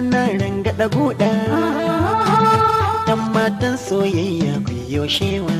na rangada guda dan matan soyayya ku yaushewa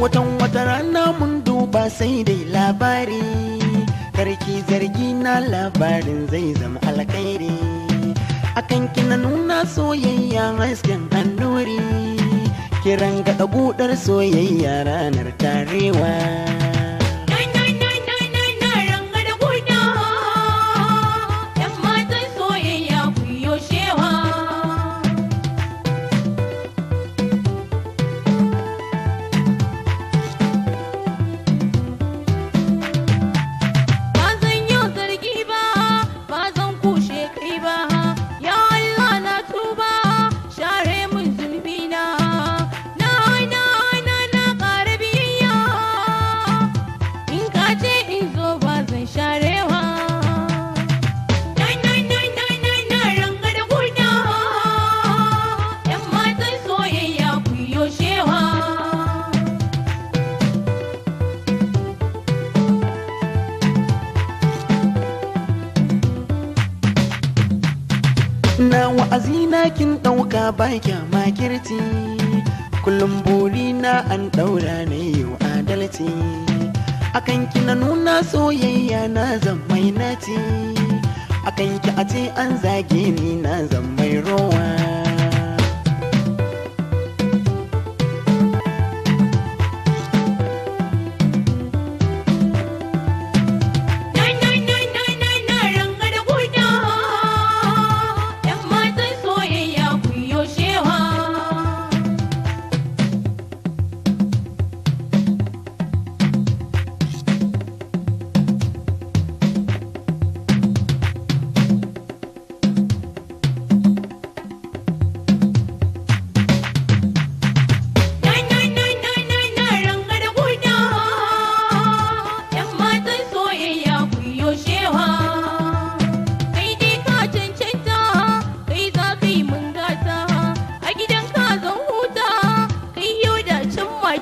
watan wata rana mun duba sai dai labari karki zargi na labarin zai zama alkhairi akan kina nuna soyayya hasken annuri kiran ga gudar soyayya ranar tarewa na wa'azi na kin ɗauka bakya makirti kullum buri na an ɗaura na yi adalci akan ki na nuna soyayya na zammai nati akan ki a ce an zage ni na zammai rowa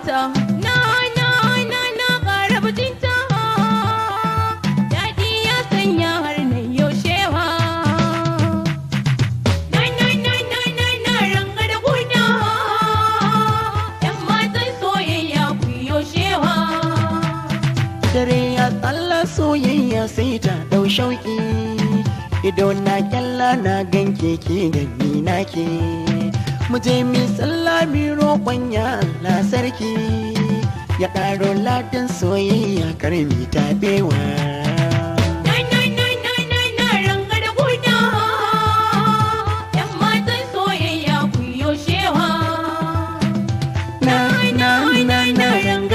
ta na na na na ƙara bujinta daɗi ya sanya har na yaushewa na na na na na na rangar guda yan matan soyayya ku yaushewa dare ya tsalla soyayya sai ta ɗau shauƙi ido na kyalla na gan keke gani na ke mu je mi sallami roƙon ya Allah sarki ya ƙaro ladan soyayya karmi ta bewa.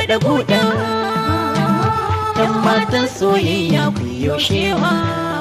da buɗa, ‘yan matan soyayya ku yaushewa.